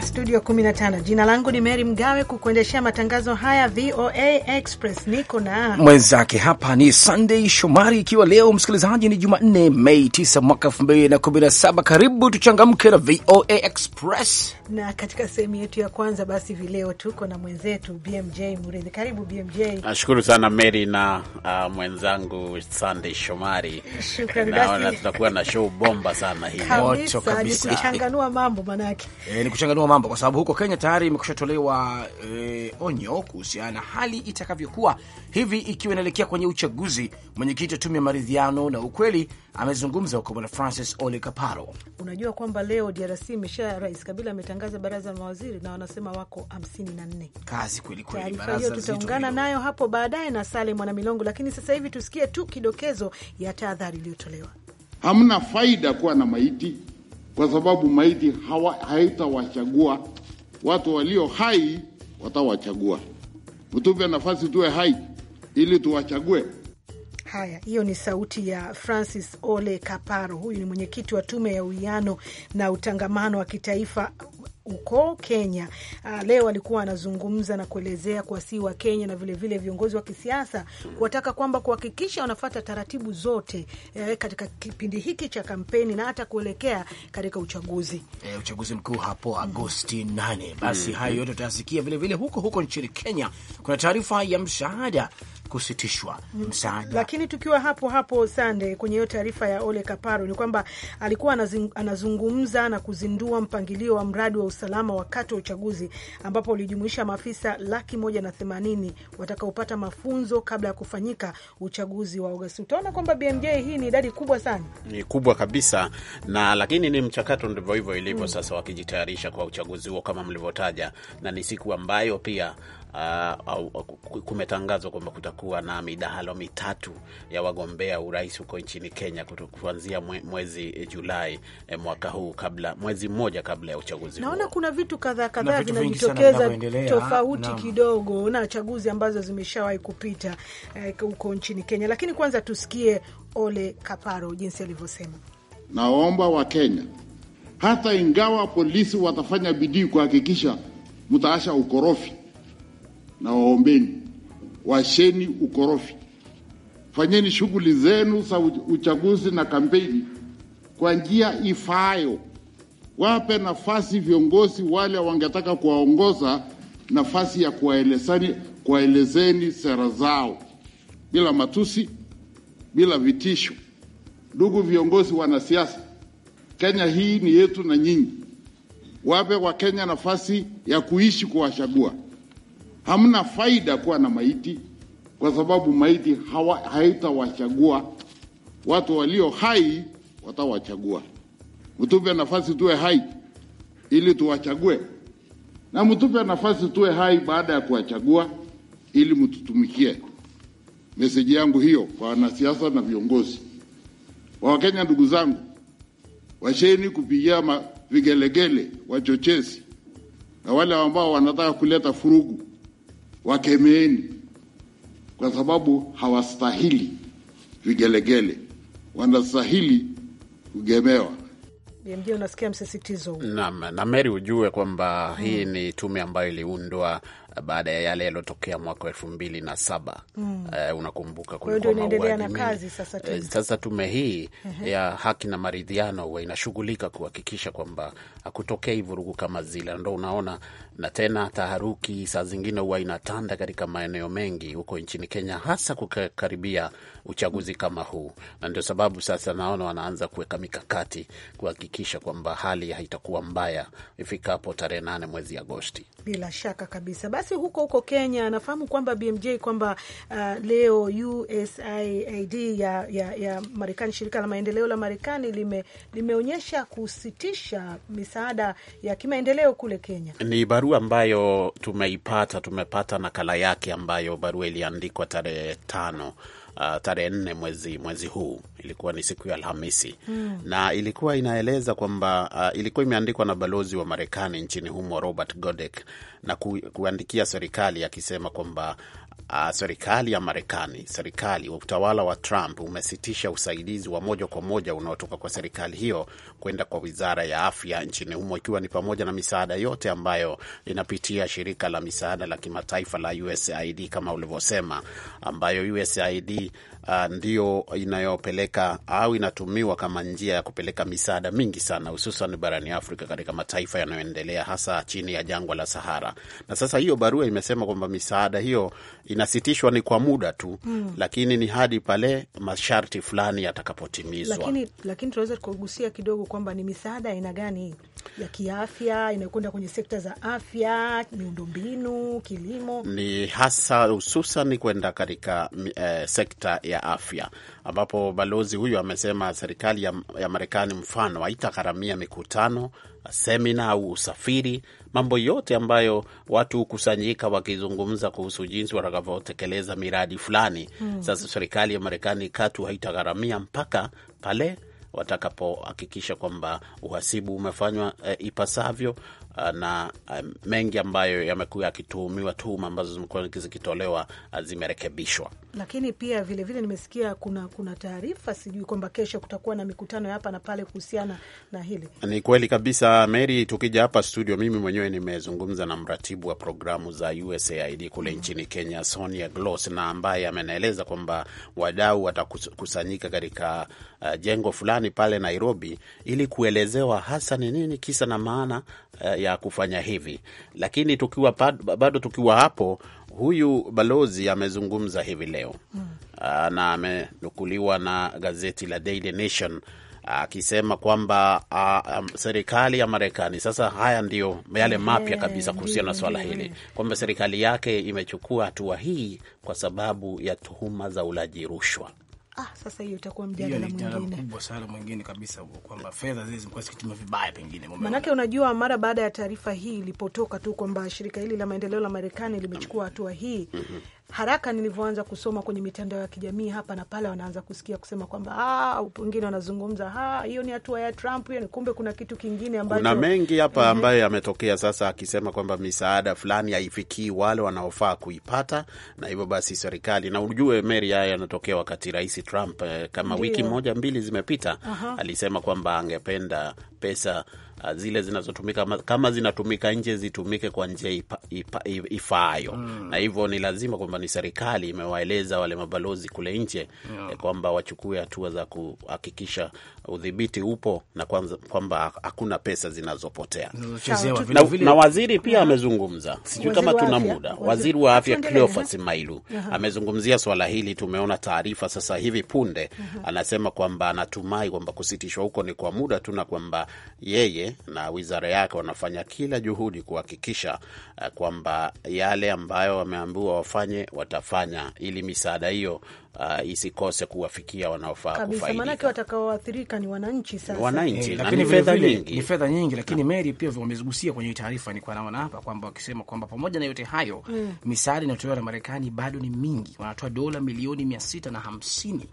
studio 15. Jina langu ni Mary Mgawe, kukuendeshea matangazo haya VOA Express. Niko na mwenzake hapa ni Sunday Shomari, ikiwa leo msikilizaji ni Jumanne Mei 9 mwaka 2017. Karibu tuchangamke na VOA Express, na katika sehemu yetu ya kwanza basi vileo tuko na mwenzetu BMJ Murithi. Karibu BMJ. Nashukuru sana Mary na uh, mwenzangu Sunday Shomari. Shukrani basi, tutakuwa na show bomba sana hii, moto kabisa, kuchanganua mambo manake, E, ni kuchanganua mambo, kwa sababu huko Kenya tayari imekusha tolewa e, onyo kuhusiana na hali itakavyokuwa hivi ikiwa inaelekea kwenye uchaguzi. Mwenyekiti wa tume ya maridhiano na ukweli amezungumza huko, bwana Francis Ole Kaparo. Unajua kwamba leo DRC imesha, Rais Kabila ametangaza baraza la mawaziri na wanasema wako 54. Kazi kweli kweli, baraza tutaungana nayo hapo baadaye na Sale Mwana Milongo, lakini sasa hivi tusikie tu kidokezo ya tahadhari iliyotolewa. Hamna faida kuwa na maiti kwa sababu maiti haitawachagua. Watu walio hai watawachagua. Mtupe nafasi tuwe hai ili tuwachague. Haya, hiyo ni sauti ya Francis Ole Kaparo. Huyu ni mwenyekiti wa tume ya uwiano na utangamano wa kitaifa huko Kenya. Uh, leo alikuwa anazungumza na kuelezea kuwasii wa Kenya na vilevile viongozi wa kisiasa kuwataka kwamba kuhakikisha wanafata taratibu zote eh, katika kipindi hiki cha kampeni na hata kuelekea katika uchaguzi eh, uchaguzi mkuu hapo Agosti 8. Basi mm -hmm. hayo yote utayasikia vilevile huko huko nchini Kenya. Kuna taarifa ya msaada kusitishwa mm. msaada. Lakini tukiwa hapo hapo Sande, kwenye hiyo taarifa ya Ole Kaparo ni kwamba alikuwa anazungumza na kuzindua mpangilio wa mradi wa usalama wakati wa uchaguzi ambapo ulijumuisha maafisa laki moja na themanini watakaopata mafunzo kabla ya kufanyika uchaguzi wa Agosti. Utaona kwamba BMJ hii ni idadi kubwa sana, ni kubwa kabisa, na lakini ni mchakato, ndivyo hivyo ilivyo. Mm, sasa wakijitayarisha kwa uchaguzi huo kama mlivyotaja, na ni siku ambayo pia uh, kumetangazwa kwamba kutakuwa na midahalo mitatu ya wagombea urais huko nchini Kenya kuanzia mwezi Julai eh, mwaka huu, kabla mwezi mmoja kabla ya uchaguzi. Naona kuna vitu kadhaa kadhaa vinajitokeza tofauti na kidogo na chaguzi ambazo zimeshawahi kupita eh, huko eh, nchini Kenya, lakini kwanza tusikie Ole Kaparo jinsi alivyosema. Naomba Wakenya, hata ingawa polisi watafanya bidii kuhakikisha mtaasha ukorofi na waombeni, washeni ukorofi, fanyeni shughuli zenu za uchaguzi na kampeni kwa njia ifaayo. Wape nafasi viongozi wale wangetaka kuwaongoza nafasi ya kuwaelezani, kuwaelezeni sera zao bila matusi, bila vitisho. Ndugu viongozi wanasiasa, Kenya hii ni yetu na nyinyi. Wape Wakenya nafasi ya kuishi kuwachagua. Hamna faida kuwa na maiti, kwa sababu maiti haitawachagua watu walio hai watawachagua. Mtupe nafasi tuwe hai ili tuwachague, na mtupe nafasi tuwe hai baada ya kuwachagua ili mtutumikie. Meseji yangu hiyo kwa wanasiasa na viongozi wa Wakenya. Ndugu zangu, washeni kupigia vigelegele wachochezi na wale ambao wanataka kuleta furugu wakemeeni, kwa sababu hawastahili vigelegele, wanastahili kugemewa. BMJ, unasikia msisitizo huu. Naam, na Mary, ujue kwamba hii ni tume ambayo iliundwa baada ya yale yaliyotokea mwaka wa elfu mbili na saba. Mm. Uh, unakumbuka kulikuwa mauaji mengi. Sasa, uh, sasa tume hii uh mhm. -huh. ya haki na maridhiano huwa inashughulika kuhakikisha kwamba hakutokei vurugu kama zile, ndo unaona na tena taharuki saa zingine huwa inatanda katika maeneo mengi huko nchini Kenya, hasa kukaribia uchaguzi kama huu, na ndio sababu sasa naona wanaanza kuweka mikakati kuhakikisha kwamba hali haitakuwa mbaya ifikapo tarehe nane mwezi Agosti. Bila shaka kabisa. Basi huko huko Kenya, nafahamu kwamba BMJ kwamba uh, leo USAID ya, ya, ya Marekani, shirika la maendeleo la Marekani lime, limeonyesha kusitisha misaada ya kimaendeleo kule Kenya. Ni barua ambayo tumeipata, tumepata nakala yake ambayo barua iliandikwa tarehe tano uh, tarehe nne mwezi, mwezi huu ilikuwa ni siku ya Alhamisi mm. na ilikuwa inaeleza kwamba uh, ilikuwa imeandikwa na balozi wa Marekani nchini humo Robert Godek na ku, kuandikia serikali akisema kwamba uh, serikali ya Marekani, serikali wa utawala wa Trump umesitisha usaidizi wa moja kwa moja unaotoka kwa serikali hiyo kwenda kwa wizara ya afya nchini humo, ikiwa ni pamoja na misaada yote ambayo inapitia shirika la misaada la kimataifa la USAID kama ulivyosema, ambayo USAID uh, ndio inayopeleka au inatumiwa kama njia ya kupeleka misaada mingi sana hususan barani Afrika katika mataifa yanayoendelea hasa chini ya jangwa la Sahara. Na sasa hiyo barua imesema kwamba misaada hiyo inasitishwa ni kwa muda tu hmm, lakini ni hadi pale masharti fulani yatakapotimizwa. Lakini, lakini tunaweza tukagusia kidogo kwamba ni misaada aina gani ya kiafya inayokwenda kwenye sekta za afya, miundombinu, kilimo, ni hasa hususan kwenda katika eh, sekta ya afya, ambapo balozi huyo amesema serikali ya, ya Marekani mfano haitagharamia mikutano, semina au usafiri, mambo yote ambayo watu hukusanyika wakizungumza kuhusu jinsi watakavyotekeleza miradi fulani hmm. Sasa serikali ya Marekani katu haitagharamia mpaka pale watakapohakikisha kwamba uhasibu umefanywa e, ipasavyo, Ah, na ah, mengi ambayo yamekuwa yakituhumiwa, tuhuma ambazo zimekuwa zikitolewa ah, zimerekebishwa. Lakini pia vilevile vile nimesikia kuna, kuna taarifa sijui kwamba kesho kutakuwa na mikutano ya hapa na pale kuhusiana na hili. Ni kweli kabisa Mary, tukija hapa studio, mimi mwenyewe nimezungumza na mratibu wa programu za USAID kule mm-hmm. nchini Kenya, Sonia Glos, na ambaye amenaeleza kwamba wadau watakusanyika katika uh, jengo fulani pale Nairobi ili kuelezewa hasa ni nini kisa na maana uh, ya kufanya hivi. Lakini tukiwa bado tukiwa hapo, huyu balozi amezungumza hivi leo mm. na amenukuliwa na gazeti la Daily Nation akisema kwamba uh, um, serikali ya Marekani sasa, haya ndiyo yale eh, mapya kabisa kuhusiana na swala eh. hili kwamba serikali yake imechukua hatua hii kwa sababu ya tuhuma za ulaji rushwa ah, sasa hiyo itakuwa mjadala mwingine kubwa sana mwingine kabisa, kwamba fedha zile zimekuwa zikitumia vibaya pengine. Maanake unajua, mara baada ya taarifa hii ilipotoka tu kwamba shirika hili la maendeleo la Marekani limechukua hatua hii mm -hmm haraka nilivyoanza kusoma kwenye mitandao ya kijamii hapa na pale, wanaanza kusikia kusema kwamba ah, wengine wanazungumza ah, hiyo ni hatua ya Trump, hiyo ni kumbe, kuna kitu kingine ambacho kuna mengi hapa mhm. ambayo yametokea sasa, akisema kwamba misaada fulani haifikii wale wanaofaa kuipata, na hivyo basi serikali na ujue Mary, haya yanatokea wakati Rais Trump eh, kama Ndiyo, wiki moja mbili zimepita, alisema kwamba angependa pesa zile zinazotumika kama zinatumika nje zitumike kwa njia ifaayo. Mm. Na hivyo ni lazima kwamba ni serikali imewaeleza wale mabalozi kule nje, yeah, eh, kwamba wachukue hatua za kuhakikisha udhibiti upo na kwamba hakuna pesa zinazopotea na, na waziri pia amezungumza, sijui kama tuna muda. Waziri wa afya Cleophas Mailu uh -huh. amezungumzia swala hili. Tumeona taarifa sasa hivi punde uh -huh. anasema kwamba anatumai kwamba kusitishwa huko ni kwa muda tu na kwamba yeye na wizara yake wanafanya kila juhudi kuhakikisha eh, kwamba yale ambayo wameambiwa wafanye watafanya, ili misaada hiyo uh, isikose kuwafikia wanaofaa kufaidika. Maanake watakaoathirika ni wananchi sasa, wananchi eh, na ni fedha nyingi, ni fedha nyingi. Lakini Mary pia wamezigusia kwenye taarifa, ni kwa naona hapa kwamba wakisema kwamba pamoja na yote hayo mm, misaada inayotolewa na Marekani bado ni mingi, wanatoa dola milioni mia sita na hamsini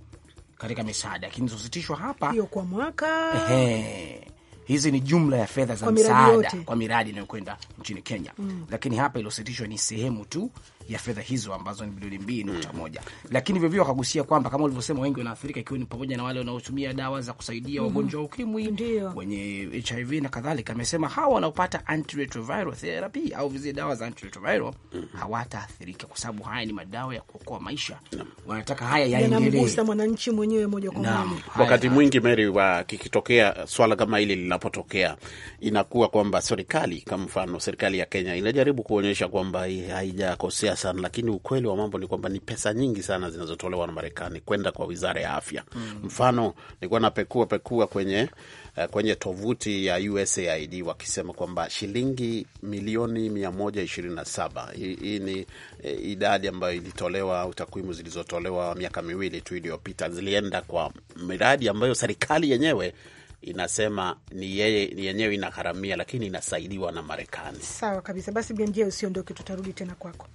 katika misaada lakini zositishwa hapa hiyo kwa mwaka. Ehe, hizi ni jumla ya fedha za misaada kwa miradi inayokwenda nchini Kenya mm. Lakini hapa iliositishwa ni sehemu tu ya fedha hizo ambazo ni bilioni mbili nukta mm-hmm. moja mm. Lakini vivyo wakagusia kwamba kama ulivyosema, wengi wanaathirika, ikiwa ni pamoja na wale wanaotumia dawa za kusaidia mm-hmm. wagonjwa wa ukimwi wenye HIV na kadhalika. Amesema hawa wanaopata antiretroviral therapy au vizie dawa za antiretroviral mm. hawataathirika kwa sababu haya ni madawa ya kuokoa maisha mm. wanataka haya yaendelee, mwananchi mwenyewe moja kwa moja. Wakati mwingi Mary, wa kikitokea swala kama hili linapotokea, inakuwa kwamba serikali, kwa mfano serikali ya Kenya inajaribu kuonyesha kwamba haijakosea sana, lakini ukweli wa mambo ni kwamba ni pesa nyingi sana zinazotolewa na Marekani kwenda kwa wizara ya afya mm. Mfano nilikuwa napekua pekua kwenye, uh, kwenye tovuti ya USAID wakisema kwamba shilingi milioni 127 hii, hii ni eh, idadi ambayo ilitolewa au takwimu zilizotolewa miaka miwili tu iliyopita, zilienda kwa miradi ambayo serikali yenyewe inasema ni yeye ni yenyewe inagharamia, lakini inasaidiwa na Marekani. Sawa kabisa. Basi BMJ, usiondoke, tutarudi tena kwako.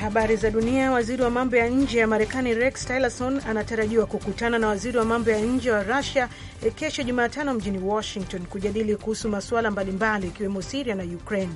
Habari za dunia. Waziri wa mambo ya nje ya Marekani Rex Tillerson anatarajiwa kukutana na waziri wa mambo ya nje wa Rusia eh, kesho Jumatano mjini Washington kujadili kuhusu masuala mbalimbali ikiwemo Siria na Ukraine.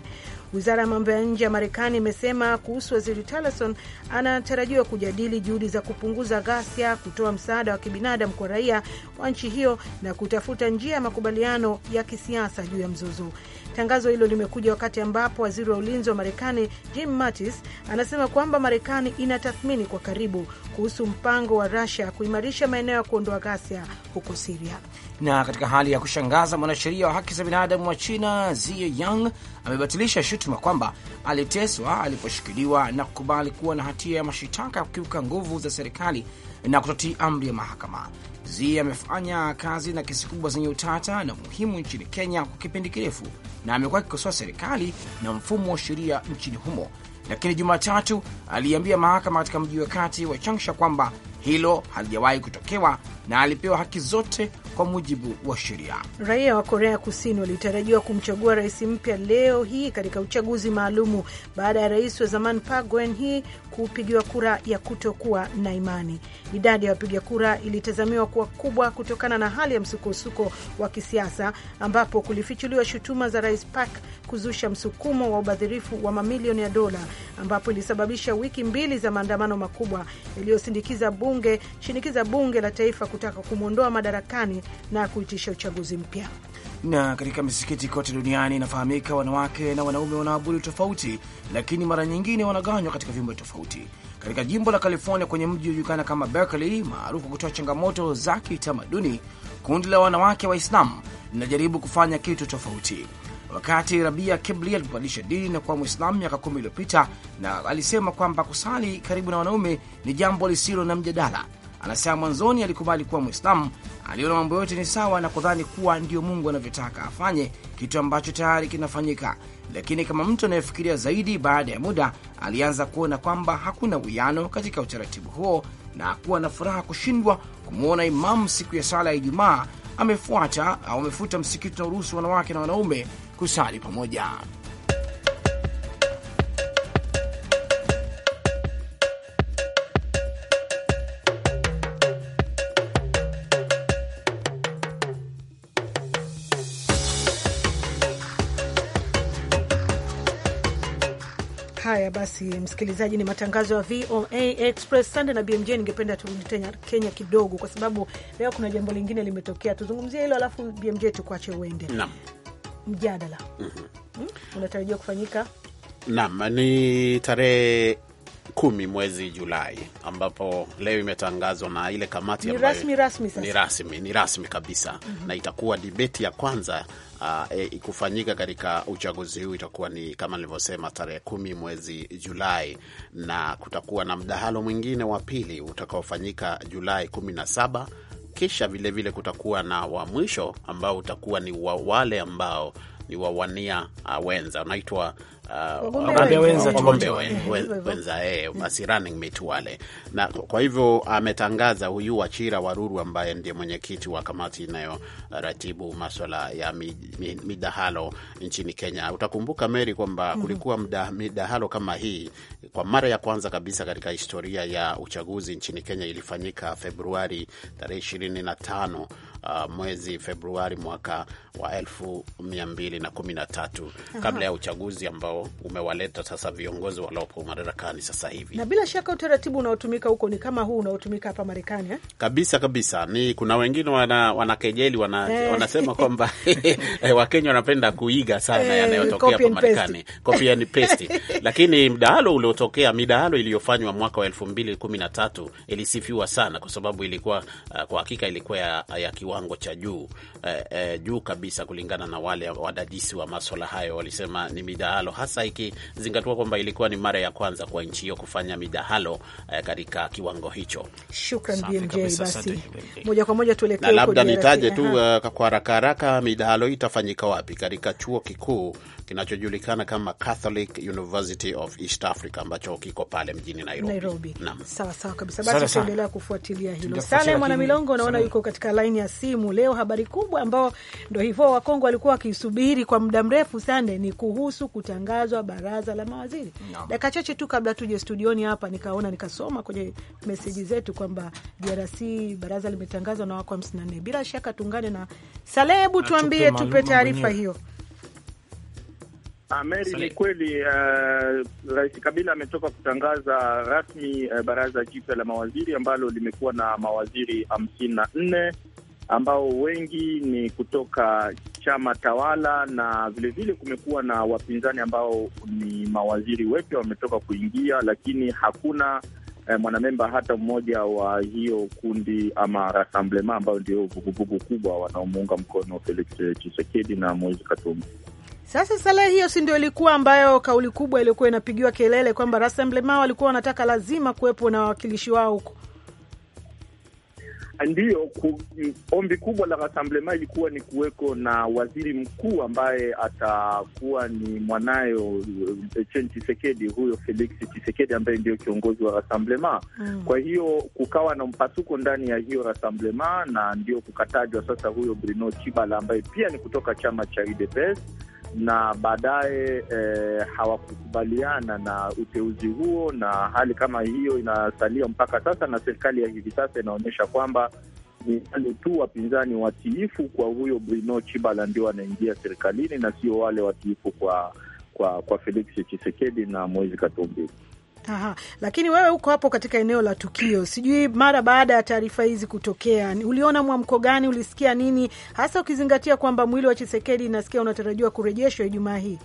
Wizara ya mambo ya nje ya Marekani imesema kuhusu waziri Tillerson, anatarajiwa kujadili juhudi za kupunguza ghasia, kutoa msaada wa kibinadamu kwa raia wa nchi hiyo na kutafuta njia ya makubaliano ya kisiasa juu ya mzozo. Tangazo hilo limekuja wakati ambapo waziri wa ulinzi wa Marekani Jim Mattis anasema kwamba Marekani inatathmini kwa karibu kuhusu mpango wa rasia kuimarisha maeneo ya kuondoa ghasia huko Siria. Na katika hali ya kushangaza, mwanasheria wa haki za binadamu wa China Zi Yang amebatilisha shutuma kwamba aliteswa aliposhikiliwa na kukubali kuwa na hatia ya mashitaka ya kukiuka nguvu za serikali na kutotii amri ya mahakama. Zia amefanya kazi na kesi kubwa zenye utata na muhimu nchini Kenya kwa kipindi kirefu na amekuwa akikosoa serikali na mfumo wa sheria nchini humo, lakini Jumatatu aliambia mahakama katika mji wa kati wa Changsha kwamba hilo halijawahi kutokewa na alipewa haki zote kwa mujibu wa sheria. Raia wa Korea Kusini walitarajiwa kumchagua rais mpya leo hii katika uchaguzi maalumu baada ya rais wa zamani Park Geun-hye kupigiwa kura ya kutokuwa na imani. Idadi ya wapiga kura ilitazamiwa kuwa kubwa kutokana na hali ya msukosuko wa kisiasa, ambapo kulifichuliwa shutuma za rais Park kuzusha msukumo wa ubadhirifu wa mamilioni ya dola, ambapo ilisababisha wiki mbili za maandamano makubwa yaliyosindikiza bunge shinikiza bunge la taifa kutaka kumwondoa madarakani na kuitisha uchaguzi mpya. Na katika misikiti kote duniani inafahamika, wanawake na wanaume wanaabudu tofauti, lakini mara nyingine wanagawanywa katika vyumba tofauti. Katika jimbo la California kwenye mji ujulikana kama Berkeley, maarufu kutoa changamoto za kitamaduni, kundi la wanawake Waislamu linajaribu kufanya kitu tofauti. Wakati Rabia Kibli alipobadilisha dini na kuwa Mwislamu miaka kumi iliyopita, na alisema kwamba kusali karibu na wanaume ni jambo lisilo na mjadala. Anasema mwanzoni alikubali kuwa Mwislamu, aliona mambo yote ni sawa na kudhani kuwa ndio Mungu anavyotaka afanye, kitu ambacho tayari kinafanyika. Lakini kama mtu anayefikiria zaidi, baada ya muda alianza kuona kwamba hakuna uwiano katika utaratibu huo na kuwa na furaha kushindwa kumwona imamu siku ya sala ya Ijumaa amefuata au amefuta msikiti unaoruhusu wanawake na wanaume kusali pamoja. basi msikilizaji, ni matangazo ya VOA Express sande na BMJ. Ningependa turudi tena Kenya kidogo, kwa sababu leo kuna jambo lingine limetokea. Tuzungumzie hilo, alafu BMJ tukuache uende. nam mjadala mm -hmm. hmm? unatarajia kufanyika nam ni tarehe kumi mwezi Julai, ambapo leo imetangazwa na ile kamati ni rasmi, rasmi, Ni rasmi, ni rasmi kabisa mm -hmm. na itakuwa dibeti ya kwanza uh, e, kufanyika katika uchaguzi huu itakuwa ni kama nilivyosema tarehe kumi mwezi Julai, na kutakuwa na mdahalo mwingine wa pili utakaofanyika Julai kumi na saba kisha vilevile vile kutakuwa na wa mwisho ambao utakuwa ni wa wale ambao ni wawania uh, wenza unaitwa wale na kwa hivyo ametangaza huyu Wachira Waruru ambaye ndiye mwenyekiti wa kamati inayoratibu maswala ya midahalo nchini Kenya. Utakumbuka Meri kwamba mhm. kulikuwa mda, midahalo kama hii kwa mara ya kwanza kabisa katika historia ya uchaguzi nchini Kenya ilifanyika Februari tarehe ishirini na tano uh, mwezi Februari mwaka wa elfu mia mbili na kumi na tatu kabla ya uchaguzi ambao umewaleta sasa viongozi waliopo madarakani sasa hivi. Na bila shaka utaratibu unaotumika huko ni kama huu unaotumika hapa Marekani eh? Kabisa kabisa. Ni kuna wengine wana, wanakejeli wana, eh, wanasema kwamba Wakenya wanapenda kuiga sana hey, eh, yanayotokea hapa Marekani copy and paste lakini mdahalo uliotokea midahalo iliyofanywa mwaka wa elfu mbili kumi na tatu ilisifiwa sana kwa sababu ilikuwa uh, kwa hakika ilikuwa ya, ya kiwango cha juu eh, eh, juu kabisa kulingana na wale wadadisi wa maswala hayo walisema ni midahalo, hasa ikizingatiwa kwamba ilikuwa ni mara ya kwanza kwa nchi hiyo kufanya midahalo eh, katika kiwango hicho. Shukran BMJ. Basi moja kwa moja tuelekee na labda nitaje tu uh, kwa haraka haraka midahalo hii itafanyika wapi? Katika chuo kikuu kinachojulikana kama Catholic University of East Africa ambacho kiko pale mjini Nairobi. Nairobi. Sawa sawa kabisa. Basi tuendelea kufuatilia hilo. Sale Mwana Milongo naona yuko katika laini ya simu. Leo habari kubwa ambao ndo hivyo Wakongo walikuwa wakisubiri kwa muda mrefu sana ni kuhusu kutangazwa baraza la mawaziri no. Dakika chache tu kabla tuje studioni hapa, nikaona nikasoma kwenye meseji zetu kwamba DRC baraza limetangazwa na wako 54. Bila shaka tungane na Salebu, tuambie, tupe taarifa hiyo. Ameri, ni kweli uh, Rais Kabila ametoka kutangaza rasmi uh, baraza jipya la mawaziri ambalo limekuwa na mawaziri hamsini na nne ambao wengi ni kutoka chama tawala, na vilevile kumekuwa na wapinzani ambao ni mawaziri wepya wametoka kuingia, lakini hakuna eh, mwanamemba hata mmoja wa hiyo kundi ama Rassemblement ambayo ndio vuguvugu kubwa wanaomuunga mkono Felix Tshisekedi na Moise Katumbi. Sasa Salehe, hiyo si ndio ilikuwa ambayo kauli kubwa iliyokuwa inapigiwa kelele kwamba Rassemblement walikuwa wanataka lazima kuwepo na wawakilishi wao huko Ndiyo, ombi kubwa la Rassemblement ilikuwa ni kuweko na waziri mkuu ambaye atakuwa ni mwanayo chen eh, chisekedi huyo Felix chisekedi ambaye ndiyo kiongozi wa Rassemblement mm. Kwa hiyo kukawa na mpasuko ndani ya hiyo Rassemblement na ndio kukatajwa sasa huyo Bruno Chibala ambaye pia ni kutoka chama cha UDPS na baadaye eh, hawakukubaliana na uteuzi huo, na hali kama hiyo inasalia mpaka sasa, na serikali ya hivi sasa inaonyesha kwamba ni wale tu wapinzani watiifu kwa huyo Bruno Chibala ndio wanaingia serikalini na sio wale watiifu kwa kwa kwa Felix Chisekedi na Moise Katumbi. Aha. Lakini wewe uko hapo katika eneo la tukio, sijui mara baada ya taarifa hizi kutokea, uliona mwamko gani? Ulisikia nini hasa, ukizingatia kwamba mwili wa Chisekedi nasikia unatarajiwa kurejeshwa Ijumaa hii?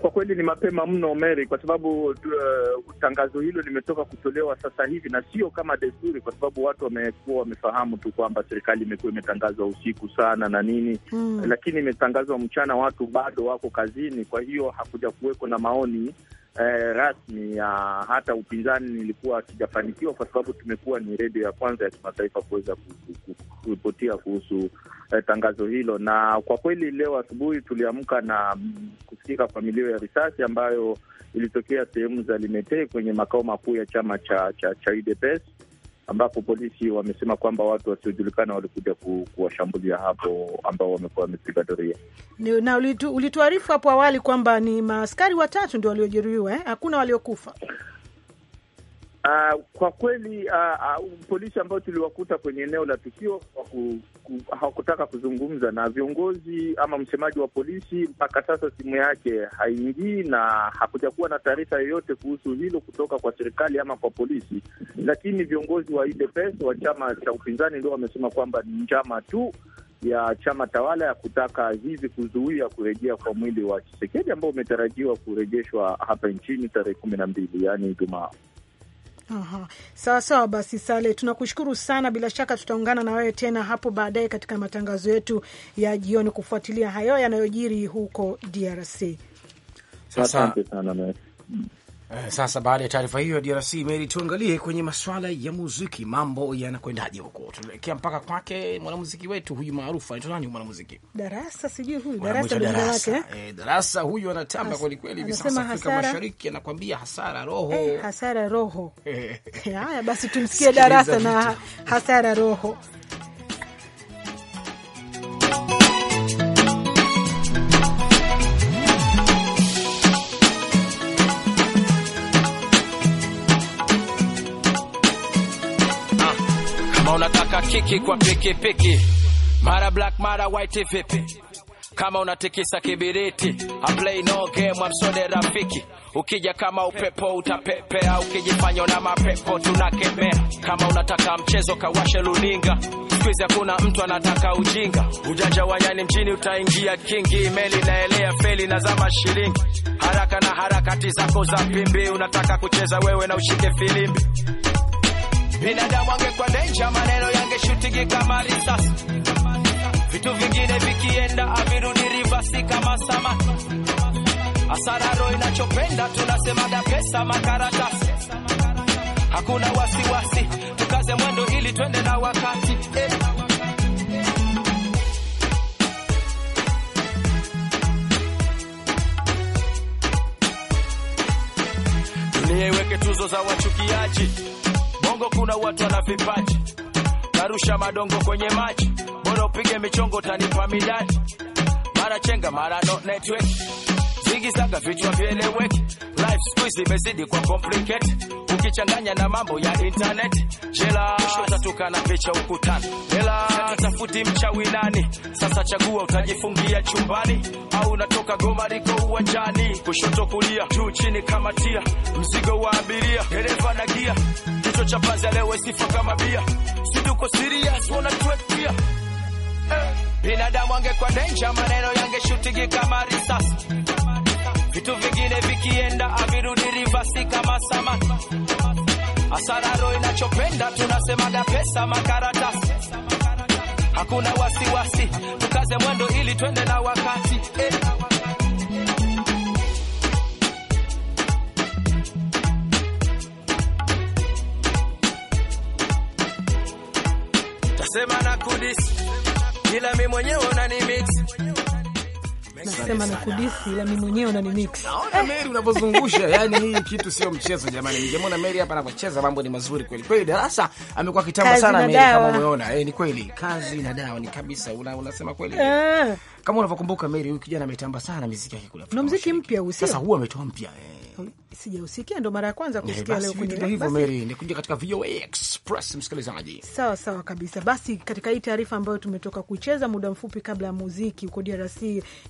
Kwa kweli ni mapema mno Mary, kwa sababu uh, tangazo hilo limetoka kutolewa sasa hivi na sio kama desturi, kwa sababu watu wamekuwa wamefahamu tu kwamba serikali imekuwa imetangazwa usiku sana na nini hmm. Lakini imetangazwa mchana, watu bado wako kazini, kwa hiyo hakuja kuwekwa na maoni eh, rasmi ya hata upinzani nilikuwa akijafanikiwa, kwa sababu tumekuwa ni redio ya kwanza ya kimataifa kuweza kuripotia kuhusu eh, tangazo hilo. Na kwa kweli leo asubuhi tuliamka na mm, kusikika kwa milio ya risasi ambayo ilitokea sehemu za Limete kwenye makao makuu ya chama cha cha, cha UDPS ambapo polisi wamesema kwamba watu wasiojulikana walikuja kuwashambulia hapo ambao wamekuwa wamepiga doria. Na ulituarifu hapo awali kwamba ni maaskari watatu ndio waliojeruhiwa eh? Hakuna waliokufa. Uh, kwa kweli uh, uh, polisi ambao tuliwakuta kwenye eneo la tukio hawakutaka ku, ku, kuzungumza na viongozi ama msemaji wa polisi. Mpaka sasa simu yake haingii na hakujakuwa na taarifa yoyote kuhusu hilo kutoka kwa serikali ama kwa polisi, lakini viongozi wa UDPS e wa chama cha upinzani ndio wamesema kwamba ni njama tu ya chama tawala ya kutaka hivi kuzuia kurejea kwa mwili wa Chisekedi ambao umetarajiwa kurejeshwa hapa nchini tarehe kumi na mbili yaani Ijumaa. Sawa sawa, basi Sale, tunakushukuru sana. Bila shaka tutaungana na wewe tena hapo baadaye katika matangazo yetu ya jioni kufuatilia hayo yanayojiri huko DRC. Sasa, Asante sana. Eh, sasa baada ya taarifa hiyo ya DRC Meri, tuangalie kwenye masuala ya muziki, mambo yanakwendaje huko? Tuelekea mpaka kwake mwanamuziki wetu huyu maarufu anaitwa nani mwanamuziki? Darasa, sijui huyu Darasa, darasa. Eh, Darasa huyu anatamba kweli kweli hivi sasa Afrika Mashariki, anakwambia hasara roho, hey, eh, hasara roho. Eh, haya basi tumsikie Darasa na hasara roho kiki kwa pikipiki, mara black mara white, vipi kama unatikisa kibiriti? I play no game, amsode rafiki Ukija kama upepo utapepea, ukijifanya na mapepo tunakemea. Kama unataka mchezo kawashe luninga, Kwizi hakuna mtu anataka ujinga. Ujanja wa nyani mjini utaingia kingi, meli naelea feli na zama shilingi, haraka na harakati zako za pimbi. Unataka kucheza wewe na ushike filimbi binadamu angekuwa danger, maneno yangeshutiki kama risasi, vitu vingine vikienda avirudi rivasi kama sama asararo inachopenda tunasemaga pesa makaratasi, hakuna wasiwasi, tukaze mwendo ili twende na wakati eh. Dunia tuzo za wachukiaji Bongo kuna watu wana vipaji, narusha madongo kwenye maji, bora upige michongo tanipa midadi, mara chenga mara no network, zingizaga vichwa vieleweki Life siku hizi imezidi kwa complicate, ukichanganya na mambo ya internet. Jela utatuka na picha ukutani, hela tafuti mchawi nani? Sasa chagua, utajifungia chumbani au unatoka goma liko uwanjani, kushoto kulia, juu chini, kamatia tia mzigo wa abiria, dereva na gia, kichwa cha panzi leo sifa kama bia, situko serious wanna trek pia binadamu angekuwa danger, maneno yangeshutigika kama risasi vitu vingine vikienda avirudi rivasi kama sama asararo inachopenda tunasemaga pesa makaratasi hakuna wasiwasi wasi. Tukaze mwendo ili twende na wakati eh. tasema na kudisi ila mi mwenyewe unanimix Nasema na kudisi ila mimi mwenyewe nimix. Naona Mary unapozungusha, yani hii kitu sio mchezo jamani. Ningemwona Mary hapa anapocheza mambo ni mazuri kweli. Kweli darasa amekuwa kitamba sana Mary kama umeona. Eh, ni kweli. Kazi na dawa ni kabisa. Una unasema kweli. Ah kama unavyokumbuka Mary, huyu kijana ametamba sana miziki yake kule. Na muziki mpya sio? Sasa huu ametoa mpya eh. Sijausikia ndo mara ya kwanza eh, kusikia leo kwenye. Ndio hivyo Mary, kuja katika VOA Express msikilizaji. Sawa sawa kabisa. Basi katika hii taarifa ambayo tumetoka kucheza muda mfupi kabla ya muziki huko DRC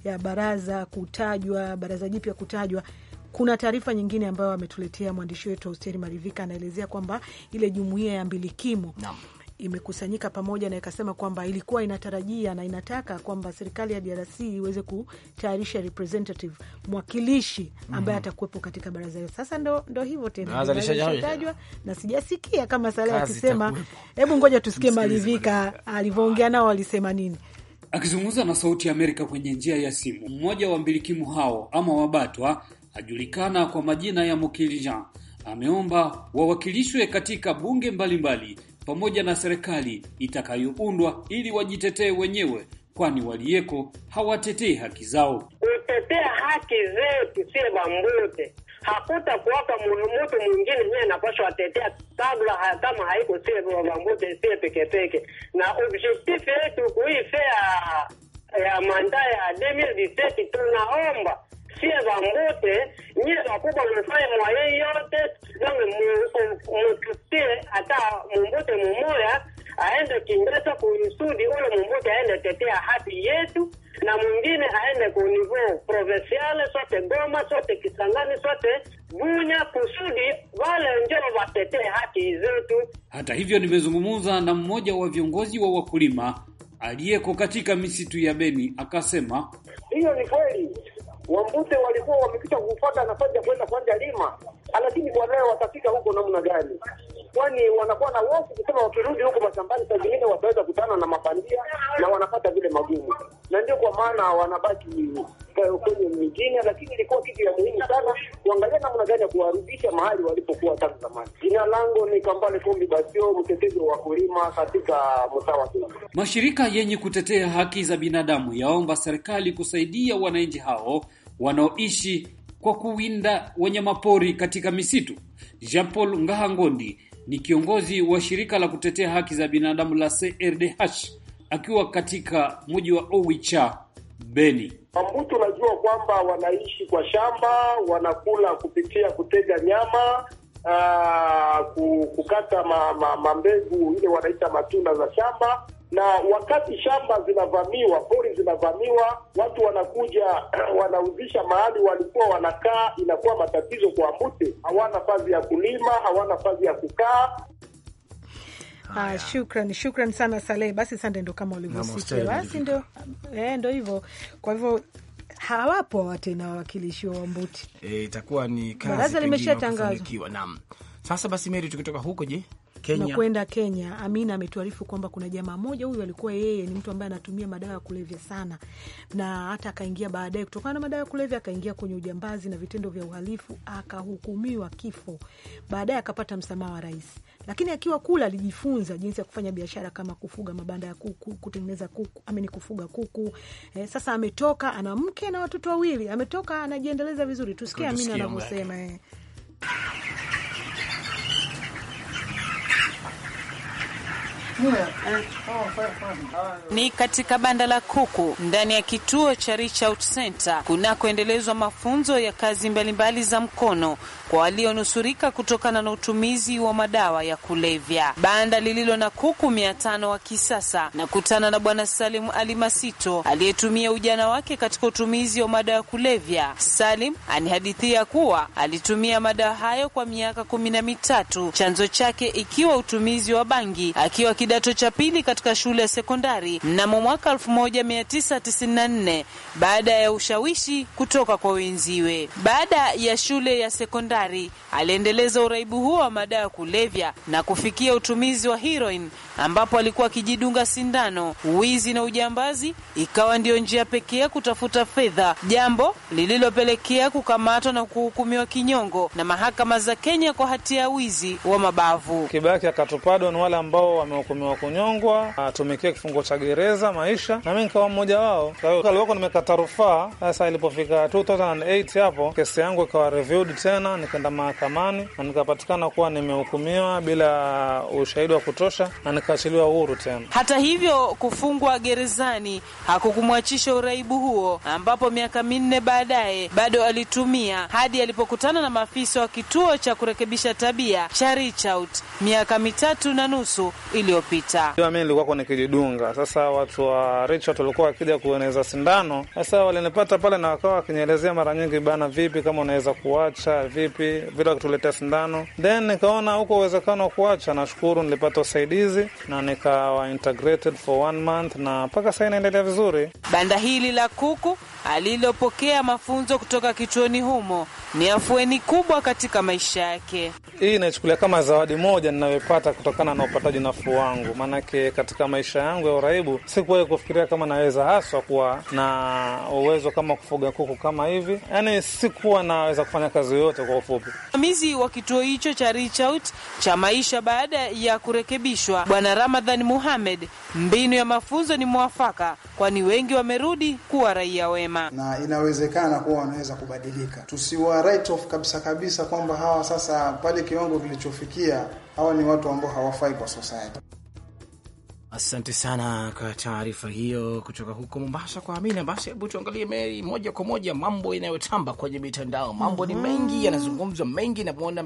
ya baraza kutajwa, baraza jipya kutajwa kuna taarifa nyingine ambayo ametuletea mwandishi wetu Austeri Marivika, anaelezea kwamba ile jumuiya ya mbilikimo imekusanyika pamoja na ikasema kwamba ilikuwa inatarajia na inataka kwamba serikali ya DRC iweze kutayarisha representative mwakilishi ambaye mhm. atakuwepo katika baraza hilo. Sasa ndo, ndo hivyo tena tajwa na sijasikia kama Salehe akisema. Hebu ngoja tusikie Malivika alivyoongea nao, alisema nini. Akizungumza na Sauti ya Amerika kwenye njia ya simu, mmoja wa mbilikimu hao ama wabatwa ajulikana kwa majina ya Mukilijan ameomba wawakilishwe katika bunge mbalimbali mbali, pamoja na serikali itakayoundwa ili wajitetee wenyewe, kwani waliyeko hawatetei haki zao. Kutetea haki zetu sie Bambute, hakuta mtu mwingine niye anapasha watetea kabla, kama haiko sie Bambute, sie peke peke, na objektif yetu kuifea ya manda ya 2017 tunaomba sie Bambute, nyie wakubwa mefanya mwayeyo Hata hivyo, nimezungumza na mmoja wa viongozi wa wakulima aliyeko katika misitu ya Beni akasema, hiyo ni kweli, Wambute walikuwa wamepita kufuata nafasi ya kwenda kuanja lima, lakini kwa leo watafika huko namna gani? Kwani wanakuwa na hofu kusema wakirudi huko mashambani, saa zingine wataweza kutana na mabandia na wanapata vile magumu, na ndio kwa maana wanabaki eh, kwenye mijini, lakini ilikuwa kitu ya muhimu sana kuangalia kuwarudisha mahali walipokuwa tangu zamani. Jina langu ni Kambale Kombi Basio, mtetezi wa wakulima katika mtaa wa Mashirika yenye kutetea haki za binadamu yaomba serikali kusaidia wananchi hao wanaoishi kwa kuwinda wanyamapori katika misitu. Jean Paul Ngahangondi ni kiongozi wa shirika la kutetea haki za binadamu la CRDH akiwa katika mji wa Owicha Beni. Wambuti unajua kwamba wanaishi kwa shamba, wanakula kupitia kutega nyama Uh, kukata ma, ma, mambegu ile wanaita matunda za shamba, na wakati shamba zinavamiwa, pori zinavamiwa, watu wanakuja wanauzisha mahali walikuwa wanakaa, inakuwa matatizo kwa Mbute. Hawana fazi ya kulima, hawana fazi ya kukaa. Ah, shukran, shukran sana Saleh. Basi sande, ndo kama ulivyosikia, basi ndo eh, ndo hivyo. Kwa hivyo hawapo watena wawakilishi wa Wambuti, eh, itakuwa e, ni kazi baraza limeshatangazwa. Naam, sasa basi Meri, tukitoka huko, je Kenya. Na kwenda Kenya, Amina ametuarifu kwamba kuna jamaa mmoja huyu alikuwa yeye ni mtu ambaye anatumia madawa ya kulevya sana, na hata akaingia baadaye, kutokana na madawa ya kulevya akaingia kwenye ujambazi na vitendo vya uhalifu, akahukumiwa kifo, baadaye akapata msamaha wa rais. Lakini akiwa kula alijifunza jinsi ya kufanya biashara kama kufuga mabanda ya kuku, kutengeneza kuku, amini kufuga kuku. Eh, sasa ametoka ana mke na watoto wawili, ametoka anajiendeleza vizuri. Tusikie Amina anavyosema eh. Ni katika banda la kuku ndani ya kituo cha Reach Out Center kunakoendelezwa mafunzo ya kazi mbalimbali za mkono kwa walionusurika kutokana na utumizi wa madawa ya kulevya. Banda lililo na kuku mia tano wa kisasa na kutana na Bwana Salim Ali Masito aliyetumia ujana wake katika utumizi wa madawa ya kulevya. Salim anihadithia kuwa alitumia madawa hayo kwa miaka kumi na mitatu, chanzo chake ikiwa utumizi wa bangi akiwa kidato cha pili katika shule ya sekondari mnamo mwaka 1994 baada ya ushawishi kutoka kwa wenziwe. Baada ya shule ya sekondari aliendeleza uraibu huo wa madawa ya kulevya na kufikia utumizi wa heroin ambapo alikuwa akijidunga sindano. Wizi na ujambazi ikawa ndiyo njia pekee ya kutafuta fedha, jambo lililopelekea kukamatwa na kuhukumiwa kinyongo na mahakama za Kenya kwa hatia ya wizi wa mabavu. Kibaki akatupadwa ni wale ambao wamehukumiwa kunyongwa, atumikie kifungo cha gereza maisha, na mi nikawa mmoja wao. Kaliwako nimekata rufaa. Sasa ilipofika 2008 hapo kesi yangu ikawa reviewed tena, nikaenda mahakamani na nikapatikana kuwa nimehukumiwa bila ushahidi wa kutosha na akaachiliwa uhuru tena. Hata hivyo, kufungwa gerezani hakukumwachisha uraibu huo, ambapo miaka minne baadaye bado alitumia hadi alipokutana na maafisa wa kituo cha kurekebisha tabia cha Reachout miaka mitatu na nusu iliyopita. Mimi nilikuwa nikijidunga, sasa watu wa Reachout walikuwa wakija kueneza sindano, sasa walinipata pale na wakawa wakinielezea mara nyingi, bana, vipi kama unaweza kuacha vipi, vile wakituletea sindano, then nikaona huko uwezekano wa kuacha. Nashukuru nilipata usaidizi na nikawa integrated for one month, na mpaka sasa inaendelea vizuri. Banda hili la kuku alilopokea mafunzo kutoka kituoni humo ni afueni kubwa katika maisha yake. Hii inachukulia kama zawadi moja ninayopata kutokana na upataji nafuu wangu, maanake katika maisha yangu ya uraibu sikuwahi kufikiria kama naweza haswa kuwa na uwezo kama kufuga kuku kama hivi, yaani sikuwa naweza kufanya kazi yoyote. Kwa ufupi, msimamizi wa kituo hicho cha Reach Out cha maisha baada ya kurekebishwa Bwana Ramadhan Muhamed, mbinu ya mafunzo ni mwafaka, kwani wengi wamerudi kuwa raia wema na inawezekana kuwa wanaweza kubadilika. Tusiwa write off kabisa kabisa kwamba hawa sasa, pale kiwango kilichofikia, hawa ni watu ambao hawafai kwa society. Asante sana kwa taarifa hiyo kutoka huko Mombasa kwa Amina. Basi hebu tuangalie Meri moja kwa moja mambo inayotamba kwenye mitandao. Mambo ni mengi yanazungumzwa mengi, namwona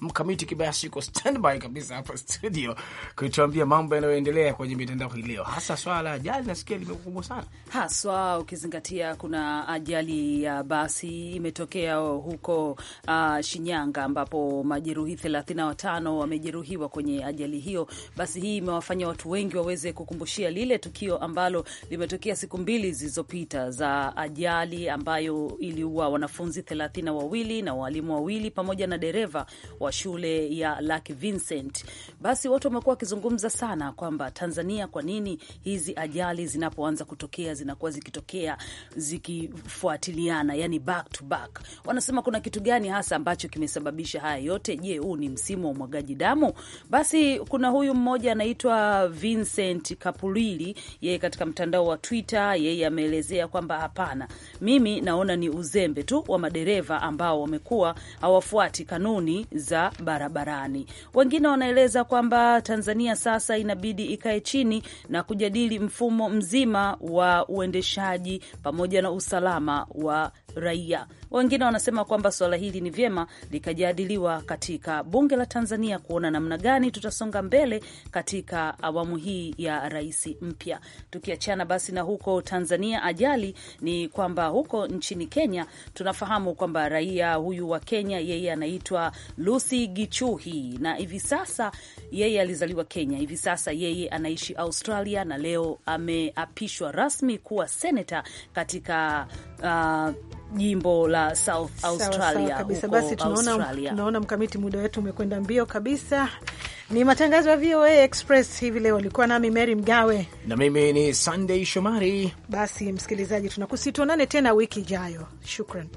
Mkamiti Kibayasi yuko standby kabisa hapa studio kutuambia mambo yanayoendelea kwenye mitandao hii leo, hasa swala la ajali nasikia limekuwa kubwa sana haswa, ukizingatia kuna ajali ya basi imetokea huko uh, Shinyanga ambapo majeruhi 35 wamejeruhiwa kwenye ajali hiyo. Basi hii imewafanya watu watu wengi waweze kukumbushia lile tukio ambalo limetokea siku mbili zilizopita za ajali ambayo iliua wanafunzi thelathini na wawili na walimu wawili pamoja na dereva wa shule ya Lake Vincent. Basi watu wamekuwa wakizungumza sana kwamba Tanzania, kwa nini hizi ajali zinapoanza kutokea zinakuwa zikitokea zikifuatiliana, yani back to back? Wanasema kuna kitu gani hasa ambacho kimesababisha haya yote? Je, huu ni msimu wa umwagaji damu? Basi kuna huyu mmoja anaitwa Vincent Kapulili, yeye katika mtandao wa Twitter, yeye ameelezea kwamba hapana, mimi naona ni uzembe tu wa madereva ambao wamekuwa hawafuati kanuni za barabarani. Wengine wanaeleza kwamba Tanzania sasa inabidi ikae chini na kujadili mfumo mzima wa uendeshaji pamoja na usalama wa raia. Wengine wanasema kwamba suala hili ni vyema likajadiliwa katika bunge la Tanzania kuona namna gani tutasonga mbele katika awamu hii ya rais mpya. Tukiachana basi na huko Tanzania, ajali ni kwamba huko nchini Kenya tunafahamu kwamba raia huyu wa Kenya yeye anaitwa Lucy Gichuhi na hivi sasa yeye alizaliwa Kenya, hivi sasa yeye anaishi Australia na leo ameapishwa rasmi kuwa seneta katika uh, jimbo la South Australia sawa, kabisa. Basi tunaona mkamiti, muda wetu umekwenda mbio kabisa. Ni matangazo ya VOA Express hivi leo, alikuwa nami Mary Mgawe na mimi ni Sunday Shomari. Basi msikilizaji, tunakusi tuonane tena wiki ijayo. Shukran.